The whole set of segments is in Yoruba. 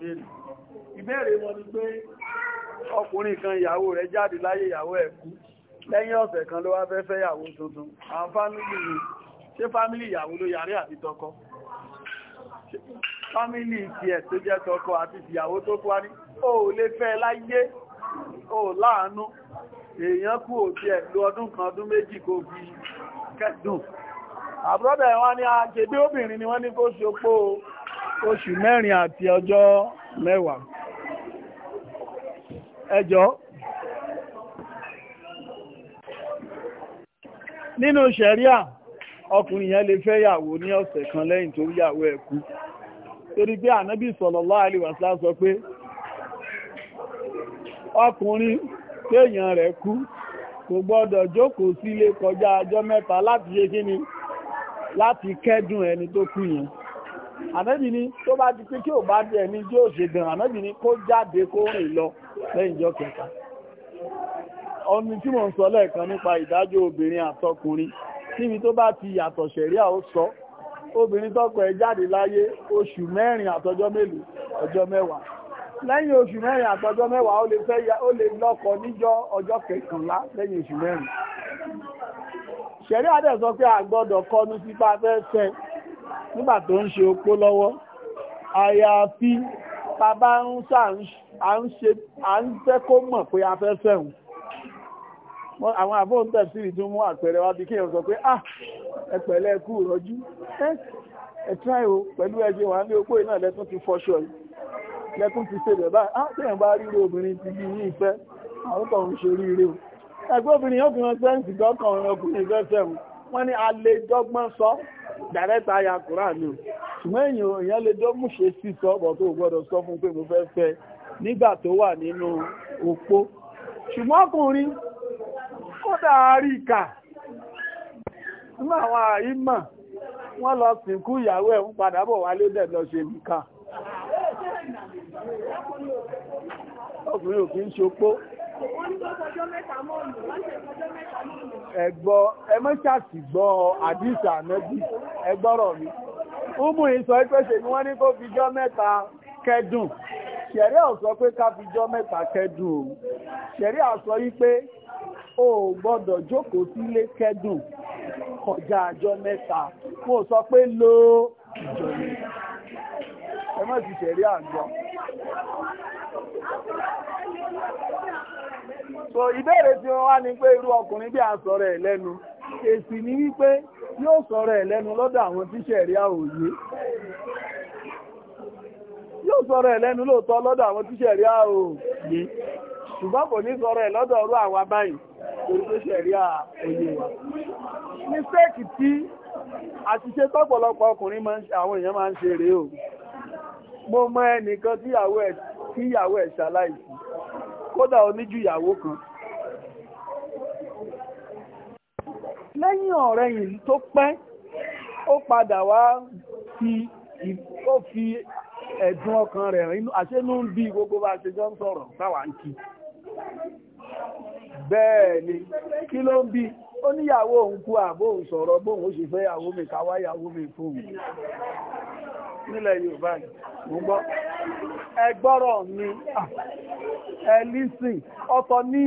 ẹbẹ̀rẹ̀ ìbẹ̀rẹ̀ wọn ni pé ọkùnrin kan ìyàwó rẹ̀ jáde láyé ìyàwó ẹ̀ lẹ́yìn ọ̀sẹ̀ kan ló wá fẹ́ fẹ́ ìyàwó tuntun àwọn fámílì ni ṣé fámílì ìyàwó ló yarí àti tọkọ fámílì tiẹ̀ tó jẹ́ tọkọ àti ìyàwó tó kú wárí ó lè fẹ́ láyé ó láàánú èèyàn kú òtí ẹ̀ lo ọdún kan ọdún méjì kó fi kẹ́dùn àbúrọ́dẹ̀ wọn ni a ṣe obìnrin ni wọ́n ní kó ṣopó oṣù mẹ́rin àti ọjọ́ mẹ́wàá ẹjọ́ nínú ṣẹ̀ríà ọkùnrin yẹn lè fẹ́yàwó ní ọ̀sẹ̀ kan lẹ́yìn tó yàwó ẹ̀ torí pé ànábì sallallahu alaihi sọ pé ọkùnrin téèyàn rẹ̀ kú kò gbọ́dọ̀ jókòó sílé kọjá ọjọ́ mẹ́ta láti ṣe láti kẹ́dùn ẹni tó kú yẹn ànábì ni tó bá ti pé kí ò bá dẹ̀ ní tí ó ṣe gan ànábì ni kó jáde kó rìn lọ lẹ́yìn ìjọ kẹta ọni tí mò ń sọ lẹ́ẹ̀kan nípa ìdájọ́ obìnrin àtọkùnrin níbi tó bá ti yàtọ̀ ṣẹ̀ríà ó sọ obìnrin tọ́kọ ẹ̀ jáde láyé oṣù mẹ́rin àtọjọ́ mélòó ọjọ́ mẹ́wàá lẹ́yìn oṣù mẹ́rin àtọjọ́ mẹ́wàá ó lè fẹ́ ya ó lè lọ́kọ níjọ́ ọjọ́ kẹkànlá lẹ́yìn oṣù mẹ́rin ṣẹ̀ríà dẹ̀ sọ pé àgbọ́dọ̀ kọnu sí fẹ́ fẹ́ nígbà tó ń ṣe opó lọ́wọ́ àyàfi bàbá ń sà ń jẹ́ kó mọ̀ pé a fẹ́ fẹ́hùn àwọn àbóhùn tẹ̀sírì tún mú àpẹẹrẹ wá bí kéèyàn sọ pé ah ẹ̀pẹ̀lẹ́ kú rọjú eh, ẹ̀tún àìwò pẹ̀lú ẹjẹ́ wà ní opó iná lẹ́tún ti fọṣọ yìí lẹ́tún ti ṣe bẹ̀bá ah kéèyàn bá ríro obìnrin ti bí yìí fẹ́ àwọn kan ń ṣe ríire o ẹgbẹ́ obìnrin yóò fi wọn sẹ́ǹsì dọ́kàn ọkùnrin fẹ́ fẹ́ wọn ni a lè dọ́gbọ́n sọ direct aya Quran o ṣùgbọ́n èèyàn èèyàn lè dọ́gbùn ṣe sí sọ tó gbọ́dọ̀ sọ fún pé mo fẹ́ nígbà tó wà nínú òpó ṣùgbọ́n ọkùnrin kódà àríkà nínú àwọn wọ́n lọ ìyàwó ẹ̀ Ẹ̀gbọ́ ẹ mọ́ ṣàṣì gbọ́ àdìsà ànábì ẹgbọ́rọ̀ mi. Úmù ìsọ ìpèsè ni wọ́n ní kó fi jọ́ mẹ́ta kẹ́dùn. Ṣẹ̀rí ò pé ká fi mẹ́ta kẹ́dùn o. Ṣẹ̀rí à sọ wípé o gbọ́dọ̀ jókòó sílé kẹ́dùn kọjá mẹ́ta. Mo lo ìjọ mi. Ẹ mọ́ ti so ìbéèrè tí wọ́n wá ní pé irú ọkùnrin bí a sọ̀rọ̀ ẹ̀ lẹ́nu èsì ni wípé yóò sọ̀rọ̀ ẹ̀ lẹ́nu lọ́dọ̀ àwọn tíṣẹ̀ rí àòyé yóò sọ̀rọ̀ ẹ̀ lẹ́nu lóòótọ́ lọ́dọ̀ àwọn tíṣẹ̀ rí àòyé ṣùgbọ́n kò ní sọ̀rọ̀ ẹ̀ lọ́dọ̀ ọ̀rọ̀ àwa báyìí torí pé ṣẹ̀rí àòyé wa mistake tí àtiṣe tọ́pọ̀lọpọ̀ ọkùnrin àwọn èèyàn máa ń ṣe rèé o mo mọ ẹnìkan tíyàwó ẹ̀ ṣaláìsí kódà oníjúyàwó kan lẹ́yìn ọ̀rẹ́ yìí tó pẹ́ ó padà wá fi ó fi ẹ̀dùn ọkàn rẹ̀ rìn àṣẹ́nú ń bí gbogbo bá ṣe jọ ń sọ̀rọ̀ táwa ń kí bẹ́ẹ̀ ni kí ló ń bí ó níyàwó òun kú àbóhùn sọ̀rọ̀ bóhùn ó ṣe fẹ́ yàwó mi káwá yàwó mi fóun nílẹ̀ Yorùbá mú ẹgbọ́rọ̀ ni ẹlísìn ọ̀tọ̀ ní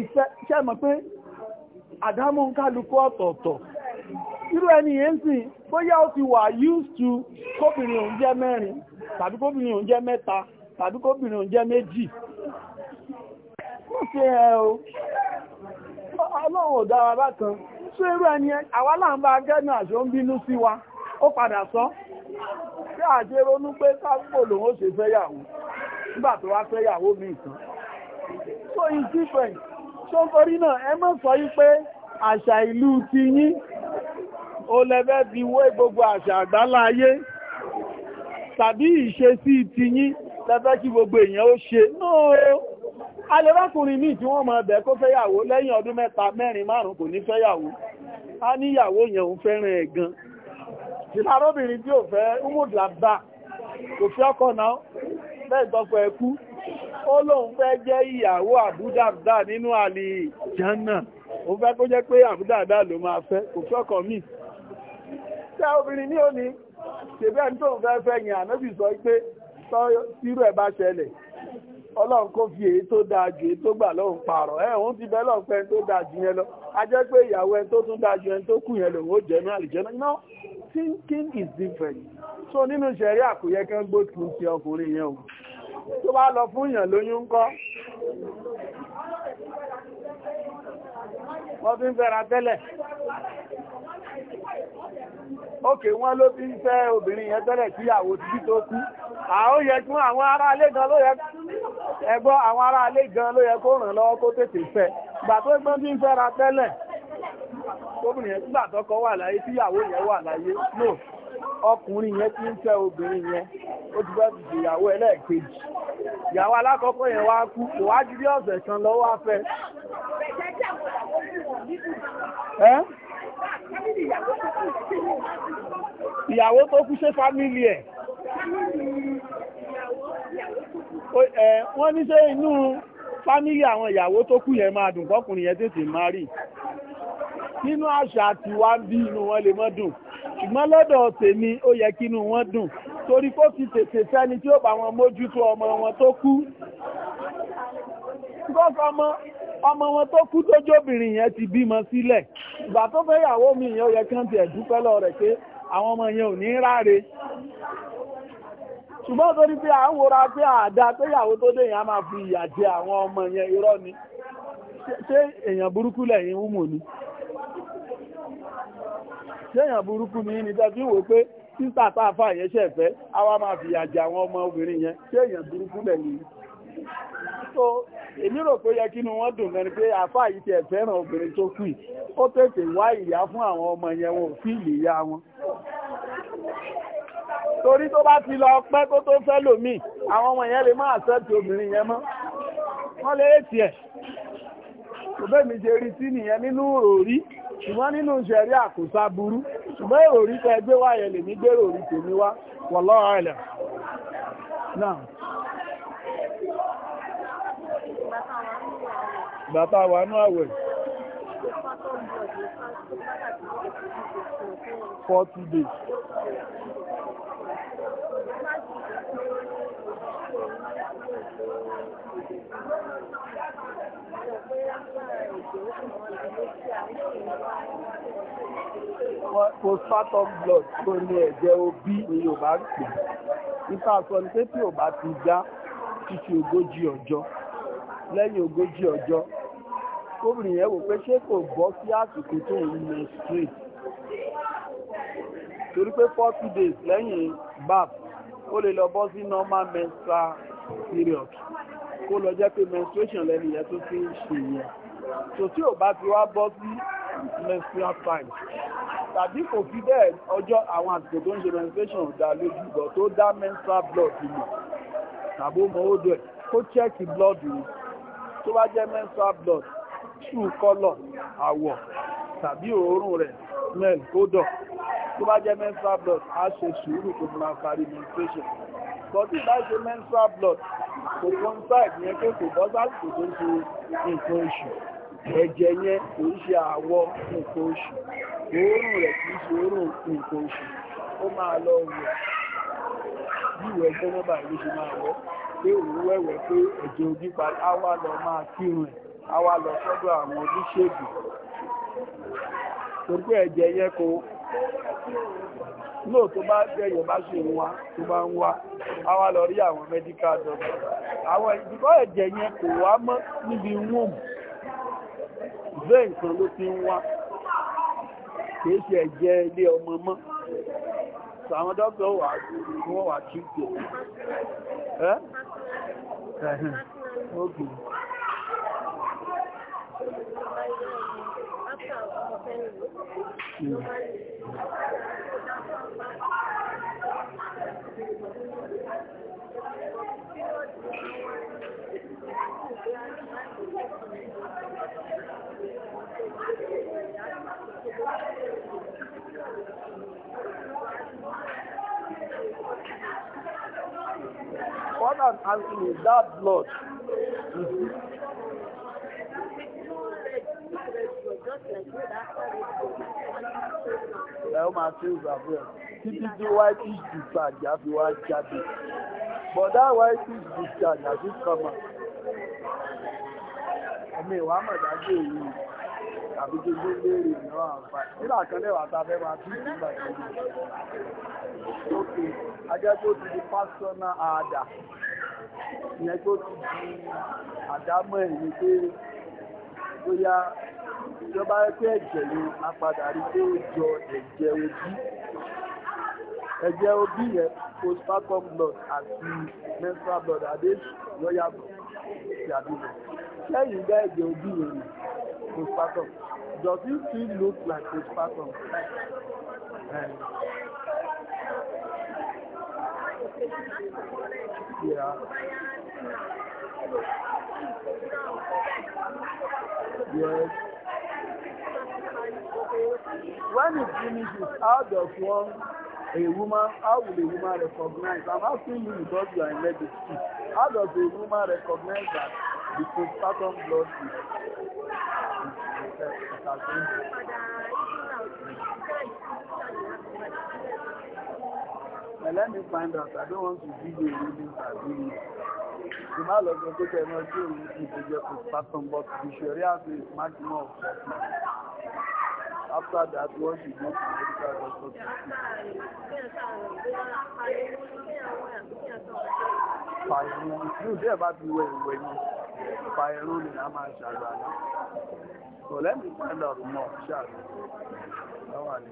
iṣẹ́ mọ̀ pé àdámú ń kálukú ọ̀tọ̀ọ̀tọ̀ irú ẹni yẹn sìn bóyá ó ti wà used to jẹ́ mẹ́rin tàbí jẹ́ méjì àwa gẹ́nu àṣọ ń wa ó padà sọ tí àṣẹ ronú pé sápò lòun ó ṣe fẹ́yàwó nígbà tó wá fẹ́yàwó mi ìtàn so it's different so torí náà ẹ mọ́ sọ yí pé àṣà ìlú ti yín ó lẹ́fẹ́ fi wé gbogbo àṣà àgbáláyé tàbí ìṣesí ti yín lẹ́fẹ́ kí gbogbo èèyàn ó ṣe náà alẹ́rákùnrin míì tí wọ́n mọ̀ ẹ̀bẹ̀ kó fẹ́yàwó lẹ́yìn ọdún mẹ́ta mẹ́rin márùn-ún kò ní fẹ́yàwó a níyàwó yẹn òun fẹ́ràn ẹ̀ gan ìlà arábìnrin tí ò fẹ́ umudlagba kò fi ọkọ náà bẹ́ẹ̀ gbọ́pọ̀ ẹkú ó lóun fẹ́ jẹ́ ìyàwó àbúdàdà nínú àlè jẹ́nà òun fẹ́ kó jẹ́ pé àbúdàdà ló máa fẹ́ kò fi ọkọ míì tẹ́ obìnrin ní òní ṣèbí ẹni tó ń fẹ́ fẹ́ yìn ànábì sọ pé tọ́ sírú ẹ̀ bá ṣẹlẹ̀ ọlọ́run kó fi èyí tó dáa jù èyí tó gbà lọ́hùn pààrọ̀ ẹ̀ òun ti bẹ́ lọ́hùn pẹ́ tó dáa jù yẹn lọ a pé ìyàwó ẹni tó tún dájú ẹni tó kù yẹn lòun ó jẹ́ ní àlìjẹ́nà no thinking is different so nínú ṣẹ̀rí àkóyẹ kẹ́ gbótùn ti ọkùnrin yẹn o tó bá lọ fún ìyàn lóyún ń kọ́ wọ́n fi ń fẹ́ra tẹ́lẹ̀ ókè wọ́n ló fi ń fẹ́ obìnrin yẹn tẹ́lẹ̀ tí ìyàwó tí tó kú àwọn yẹ kí àwọn ará ilé gan ló yẹ kó ràn lọ́wọ́ kó tètè fẹ́ gbà tó gbọ́n tí ń fẹ́ra tẹ́lẹ̀ tóbìnrin yẹn gbà tọ́kọ wà láyé tíyàwó yẹn wà láyé no ọkùnrin yẹn ti ń fẹ́ obìnrin yẹn ó ti fẹ́ fìdí ìyàwó ẹlẹ́ẹ̀kejì ìyàwó alákọ̀ọ́kọ́ yẹn wá kú kò wá ju bí ọ̀sẹ̀ kan lọ wá fẹ́. ìyàwó tó kú ṣe fámìlì ẹ̀ wọ́n ní ṣe inú fámílì àwọn ìyàwó tó kù yẹn máa dùn kọkùnrin yẹn tètè máa rí nínú àṣà àti wá ń bí inú wọn lè mọ́ dùn ṣùgbọ́n lọ́dọ̀ tèmi ó yẹ kí inú wọn dùn torí kó ti tètè sẹ́ni tí ó bá wọn mójútó ọmọ wọn tó kú ọmọ ọmọ wọn tó kú tó jóbìnrin yẹn ti bímọ sílẹ̀ ìgbà tó fẹ́ yàwó mi yẹn ó yẹ kí wọ́n ti ẹ̀dúpẹ́ lọ rẹ̀ pé àwọn ọmọ yẹn ò ní ráre ṣùgbọ́n torí pé à ń wòra pé àdá pé yàwó tó dé èèyàn máa fi ìyà jẹ àwọn ọmọ yẹn irọ́ ni ṣé èyàn burúkú lẹ́yìn wúmò ni ṣé èyàn burúkú ni ní tẹ́ fi wò pé sísà táàfà yẹn ṣẹ̀fẹ́ wá máa fi ìyà jẹ àwọn ọmọ obìnrin yẹn burúkú lẹ́yìn so èmi rò pé yẹ wọn dùn pé àfà yìí ti ẹ̀fẹ́ràn obìnrin tó kù ó tètè wá ìyá fún àwọn ọmọ torí tó bá ti lọ pẹ́ kó tó fẹ́ lòmíì àwọn ọmọ yẹn lè má àṣẹ́tì obìnrin yẹn mọ́ wọ́n lè ètì ẹ̀ kò bẹ́ẹ̀ mi ṣe rí sí nìyẹn nínú òrí ṣùgbọ́n nínú ìṣẹ̀rí àkùsà burú ṣùgbọ́n èrò orí tẹ gbé wá yẹn lèmi gbèrò orí tèmi wá wallahu a'lam náà bàtà wà nú àwẹ̀ forty days. postpartum blood tó ní ẹ̀jẹ̀ òbí ni Yorùbá ń pè nípa sọ ni pé tí ò bá ti já títí ogójì ọjọ́ lẹ́yìn ogójì ọjọ́ kóbìnrin yẹn wò pé ṣé kò gbọ́ sí àsìkò tó ń lè straight torí pé forty days lẹ́yìn bab ó lè lọ bọ́ sí normal menstrual period kó lọ jẹ́ pé menstruation lẹ́nu yẹn tó fi ń ṣe yẹn tò tí ò bá ti wá bọ́ sí menstrual time tàbí kò fi bẹ́ẹ̀ ọjọ́ àwọn àsìkò tó ń ṣe menstruation dá lójú ìgbọ̀ tó dá menstrual blood mọ̀ tàbí ó mọ ó dẹ̀ kó check blood rẹ̀ tó bá jẹ́ menstrual blood true color àwọ̀ tàbí òórùn rẹ̀ smell odor tó bá jẹ́ menstrual blood á ṣe sùúrù tó fi máa parí menstruation bọ́tí bá ṣe menstrual blood kò coincide yẹn pé kò bọ́ sásìkò tó ń ṣe nǹkan oṣù ẹ̀jẹ̀ yẹn kò ń ṣe àwọ̀ nǹkan oṣù òórùn rẹ̀ kì í ṣe òórùn nǹkan oṣù ó máa lọ wẹ̀ bí ìwẹ̀ sẹ́nẹ́bà ló ṣe máa wẹ̀ pé òun wẹ̀wẹ̀ pé ẹ̀jẹ̀ ojú pa á wà lọ máa kírun ẹ̀ a lọ sọ́dọ̀ àwọn oníṣègùn torí pé ẹ̀jẹ̀ yẹn kò tó bá bá ṣe ń wá tó bá ń wá a lọ rí àwọn medical doctor àwọn ìdíkọ́ ẹ̀jẹ̀ yẹn kò wá mọ́ ló ti ń wá ṣe ẹ̀jẹ̀ ilé ọmọ mọ́ àwọn wà wọ́n wà What an answer is that blood. ẹ ó máa ṣe ìgbàgbé ẹ títí tí white fish discharge àfi wá jáde but that white fish discharge àfi kama ẹ̀mí ìwà mọ̀dájú èyí àbí gbogbo léèrè náà àǹfààní nígbà kan lẹ́wàá tá a fẹ́ máa tún ìgbà kan ok ajẹ́kó ti di pásítọ́nà àdà ìyẹn tó ti di àdámọ́ ẹ̀yìn pé bóyá tí ó bá rẹ́ pé ẹ̀jẹ̀ ni a padà rí pé ó jọ ẹ̀jẹ̀ òbí ẹ̀jẹ̀ òbí yẹn postpartum blood àti menstrual blood àdé royal blood ti àbílẹ̀ lẹ́yìn ìgbà ẹ̀jẹ̀ òbí yẹn ni postpartum does it still look like postpartum? Yeah. Yes. When it finishes, how does one, a woman, how will a woman recognize? I'm asking you because you are in medic school. How does a woman recognize that the postpartum blood is, is, is, Now let me find out. I don't want to give you a reading for doing The man of God took energy with the project postpartum, but the Sharia says maximum of 12 After that, once you go to medical doctor to see. Fàìrún ní ìdí ẹ̀ bá ti wẹ ìwẹ̀ ni fàìrún ni a máa ṣàgbà ní. So let me find out more, ṣáà. Báwa ni.